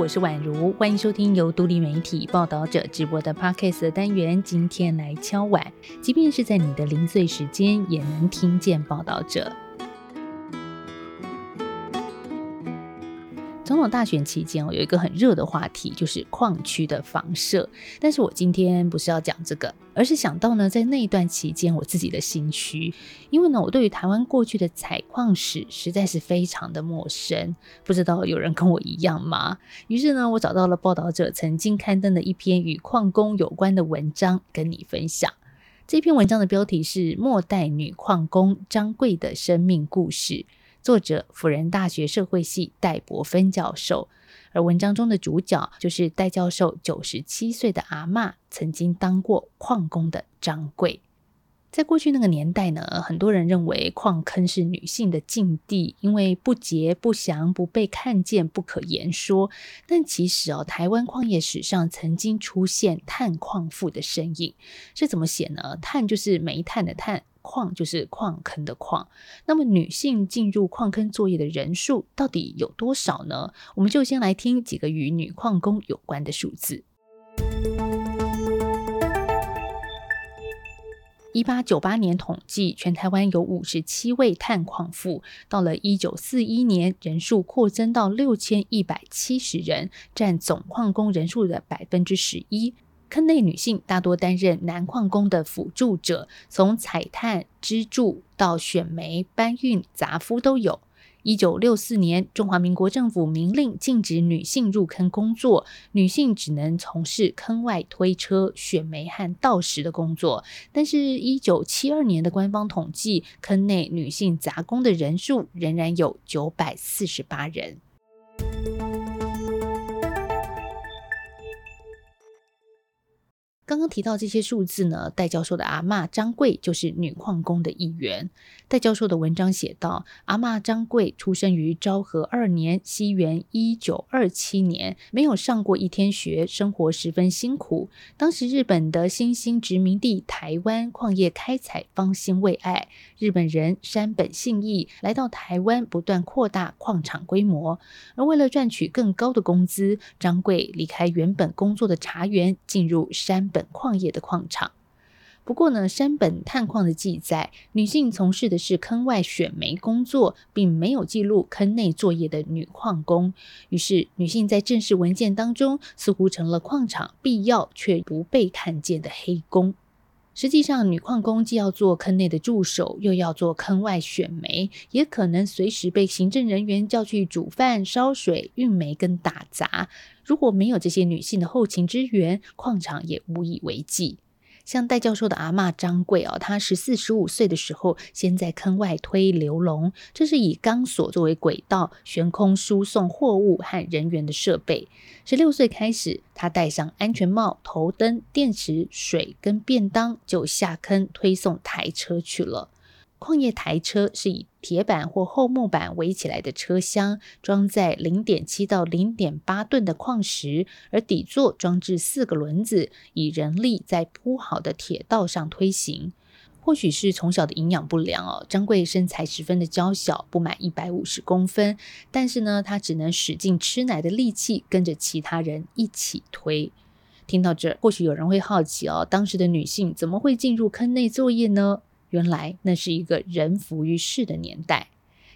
我是婉如，歡迎收聽由獨立媒體報導者直播的 Podcast 單元。今天來敲婉，即便是在你的零碎時間，也能聽見報導者。總統大選期間，哦，有一個很熱的話題，就是礦區的房舍。但是我今天不是要講這個。而是想到呢，在那一段期間，我自己的心虛，因為呢，我對於台灣過去的採礦史實在是非常的陌生，不知道有人跟我一樣嗎？於是呢，我找到了報導者曾經刊登的一篇與礦工有關的文章，跟你分享。這篇文章的標題是《末代女礦工張桂的生命故事》，作者輔仁大學社會系戴伯芬教授。而文章中的主角就是戴教授九十七歲的阿嬤，曾經當過礦工的張桂。在過去那個年代呢，很多人認為礦坑是女性的禁地，因為不潔、不祥、不被看見、不可言說。但其實哦，台灣礦業史上曾經出現炭礦婦的身影。這怎麼寫呢？“炭”就是煤炭的“炭”。礦就是礦坑的礦。那麼，女性進入礦坑作業的人數到底有多少呢？我們就先來聽幾個與女礦工有關的數字。一八九八年統計，全台灣有五十七位炭礦婦；到了一九四一年，人數擴增到六千一百七十人，佔總礦工人數的百分之十一。坑內女性大多擔任男礦工的輔助者，從採炭、支柱到選煤、搬運、雜夫都有。一九六四年，中華民國政府明令禁止女性入坑工作，女性只能從事坑外推車、選煤和倒石的工作。但是，一九七二年的官方統計，坑內女性雜工的人數仍然有九百四十八人。剛剛提到這些數字呢，戴教授的阿媽張桂就是女礦工的一員。戴教授的文章寫道，阿媽張桂出生於昭和二年西元一九二七年，沒有上過一天學，生活十分辛苦。當時日本的新興殖民地台灣礦業開採方興未艾，日本人山本信義來到台灣，不斷擴大礦場規模。而為了賺取更高的工資，張桂離開原本工作的茶園，進入山本。礦業的礦場，不過呢，山本探礦的記載，女性從事的是坑外選煤工作，並沒有記錄坑內作業的女礦工。於是，女性在正式文件當中，似乎成了礦場必要却不被看見的黑工。實際上，女礦工既要做坑內的助手，又要做坑外選煤，也可能隨時被行政人員叫去煮飯、燒水、運煤跟打雜。如果沒有這些女性的後勤支援，礦場也無以為繼。像戴教授的阿嬤張桂哦，她十四十五歲的時候，先在坑外推流籠。這是以鋼索作為軌道，懸空輸送貨物和人員的設備。十六歲開始，她戴上安全帽、頭燈、電池、水跟便當，就下坑推送台車去了。礦業台車是以鐵板或厚木板圍起來的車廂，裝載零點七到零點八噸的礦石，而底座裝置四個輪子，以人力在鋪好的鐵道上推行。或許是從小的營養不良哦，張桂身材十分的嬌小，不滿一百五十公分，但是呢，她只能使勁吃奶的力氣跟着其他人一起推。聽到這兒，或許有人會好奇哦，當時的女性怎麼會進入坑內作業呢？原來那是一個人浮於事的年代，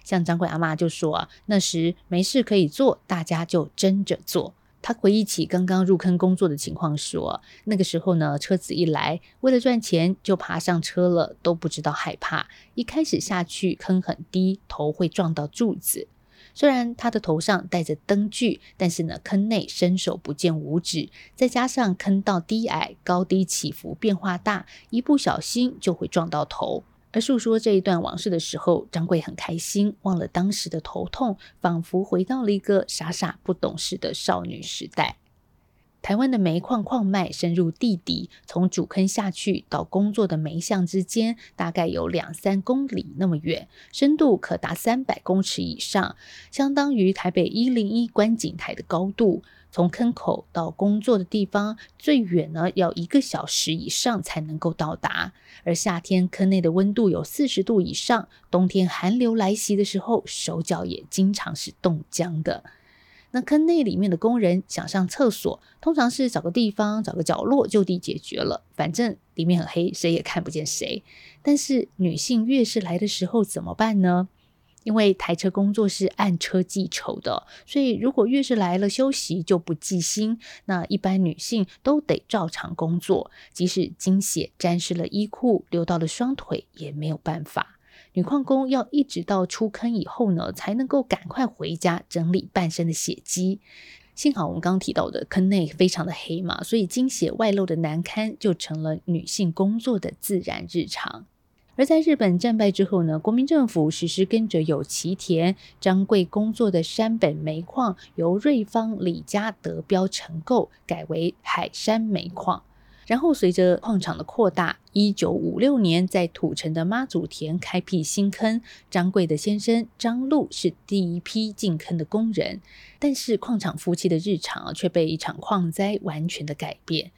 像張桂阿媽就說，那時沒事可以做，大家就爭着做。他回憶起剛剛入坑工作的情況說，說那個時候呢，車子一來，為了賺錢就爬上車了，都不知道害怕。一開始下去坑很低，頭會撞到柱子。雖然她的頭上戴着燈具，但是呢，坑內伸手不見五指，再加上坑道低矮，高低起伏變化大，一不小心就會撞到頭。而訴說這一段往事的時候，張桂很開心，忘了當時的頭痛，仿佛回到了一個傻傻不懂事的少女時代。台灣的煤礦礦脈深入地底，從主坑下去到工作的煤巷之間，大概有兩三公里那麼遠，深度可達三百公尺以上，相當於台北一零一觀景台的高度。從坑口到工作的地方，最遠呢，要一個小時以上才能夠到達。而夏天坑內的溫度有四十度以上，冬天寒流來襲的時候，手腳也經常是凍僵的。那坑內裡面的工人想上廁所，通常是找個地方、找個角落就地解決了。反正裡面很黑，誰也看不見誰。但是女性月事來的時候怎麼辦呢？因為台車工作是按車計酬的，所以如果月事來了休息就不計薪，那一般女性都得照常工作，即使經血沾濕了衣褲、流到了雙腿也沒有辦法。女礦工要一直到出坑以後呢，才能夠趕快回家整理半身的血跡。幸好我們剛剛提到的坑內非常的黑嘛，所以經血外露的難堪就成了女性工作的自然日常。而在日本戰敗之後呢，國民政府實施跟着有崎田張桂工作的山本煤礦由瑞芳李家得標承購，改為海山煤礦。然後隨着礦場的擴大，一九五六年在土城的媽祖田開闢新坑，張桂的先生張祿是第一批進坑的工人。但是礦場夫妻的日常卻被一場礦災完全的改變。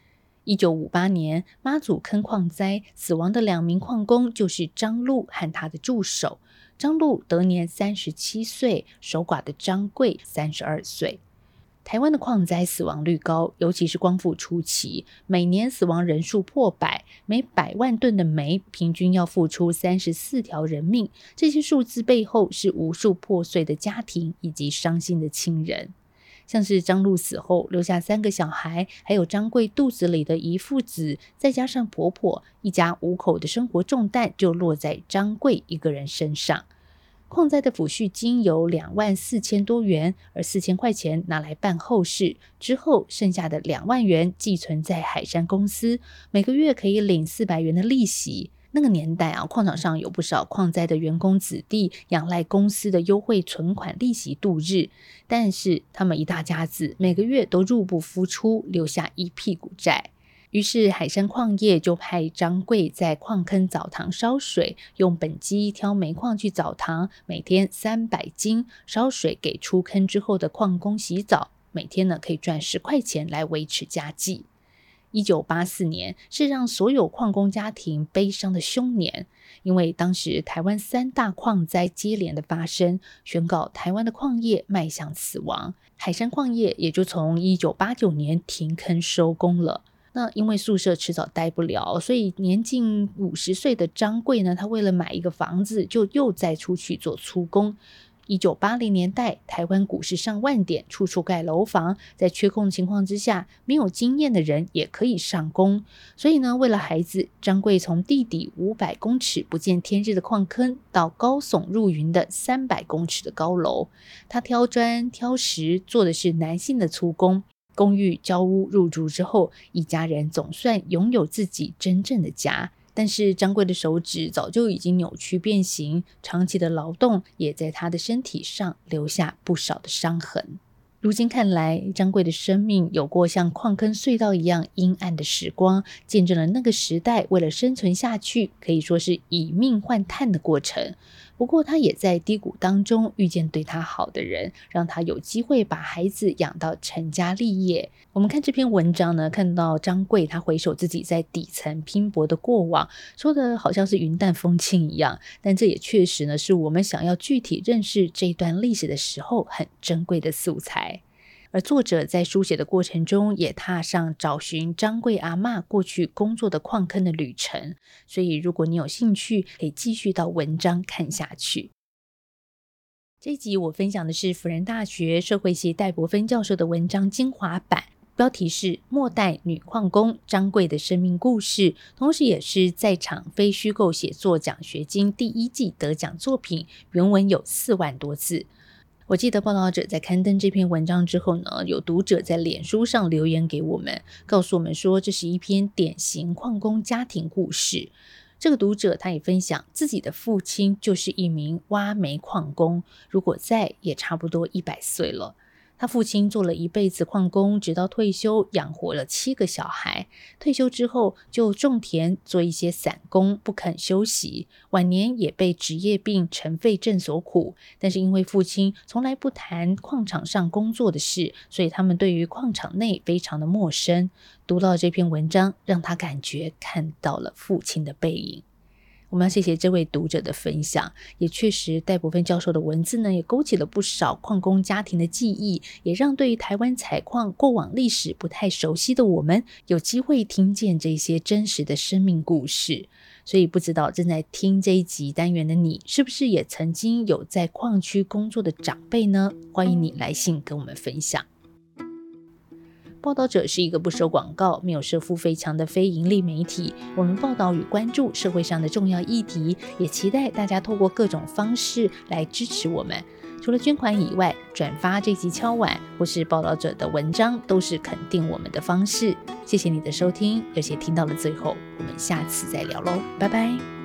一九五八年媽祖坑礦災，死亡的兩名礦工就是張祿和他的助手。張祿得年三十七歲，守寡的張桂三十二歲。台灣的礦災死亡率高，尤其是光復初期，每年死亡人數破百，每百萬噸的煤平均要付出三十四條人命。這些數字背後是無數破碎的家庭以及傷心的親人。像是張璐死後留下三個小孩，還有張桂肚子裡的遺腹子，再加上婆婆，一家五口的生活重擔就落在張桂一個人身上。礦災的撫恤金有兩萬四千多元，而四千塊錢拿來辦後事，之後，剩下的兩萬元寄存在海山公司，每個月可以領四百元的利息。那個年代啊，礦場上有不少礦災的員工子弟仰賴公司的優惠存款利息度日，但是他們一大家子每個月都入不敷出，留下一屁股債。於是海山礦業就派張桂在礦坑澡堂燒水，用本機挑煤礦去澡堂，每天三百斤燒水給出坑之後的礦工洗澡，每天呢可以賺十塊錢來維持家計。一九八四年是讓所有礦工家庭悲傷的凶年，因為當時台灣三大礦災接連的發生，宣告台灣的礦業邁向死亡。海山礦業也就從一九八九年停坑收工了。那因為宿舍遲早待不了，所以年近五十歲的張桂呢，他為了買一個房子，就又再出去做粗工。一九八零年代，台灣股市上萬點，處處蓋樓房，在缺工的情況之下，沒有經驗的人也可以上工。所以呢，為了孩子，張桂從地底五百公尺不見天日的礦坑到高聳入雲的三百公尺的高樓，他挑磚挑石，做的是男性的粗工。公寓交屋入住之後，一家人總算擁有自己真正的家。但是張桂的手指早就已經扭曲變形，長期的勞動也在他的身體上留下不少的傷痕。如今看來，張桂的生命有過像礦坑隧道一樣陰暗的時光，見證了那個時代為了生存下去，可以說是以命換炭的過程。不過他也在低谷當中遇見對他好的人，讓他有機會把孩子養到成家立業。我們看這篇文章呢，看到張桂他回首自己在底層拼搏的過往，說得好像是雲淡風輕一樣，但這也確實呢，是我們想要具體認識這段歷史的時候很珍貴的素材。而作者在書寫的過程中，也踏上找尋張桂阿嬤過去工作的礦坑的旅程。所以，如果你有興趣，可以繼續到文章看下去。這一集我分享的是輔仁大學社會系戴伯芬教授的文章精華版，標題是《末代女礦工張桂的生命故事》，同時也是在場非虛構寫作獎學金第一季得獎作品。原文有四萬多字。我記得報道者在刊登這篇文章之後呢，有讀者在臉書上留言給我們，告訴我們說這是一篇典型礦工家庭故事。這個讀者他也分享自己的父親就是一名挖煤礦工，如果在也差不多一百歲了。他父親做了一輩子礦工，直到退休養活了七個小孩。退休之後就種田做一些散工，不肯休息。晚年也被職業病塵肺症所苦。但是因為父親從來不談礦場上工作的事，所以他們對於礦場內非常的陌生。讀到這篇文章，讓他感覺看到了父親的背影。我們要謝謝這位讀者的分享，也確實，戴伯芬教授的文字呢，也勾起了不少礦工家庭的記憶，也讓對於台灣採礦過往歷史不太熟悉的我們，有機會聽見這些真實的生命故事。所以，不知道正在聽這一集單元的你，是不是也曾經有在礦區工作的長輩呢？歡迎你來信跟我們分享。報道者是一個不收廣告、沒有設付費牆的非盈利媒體。我們報道與關注社會上的重要議題，也期待大家透過各種方式來支持我們。除了捐款以外，轉發這集敲碗或是報道者的文章，都是肯定我們的方式。謝謝你的收聽，而且聽到了最後，我們下次再聊嘍，拜拜。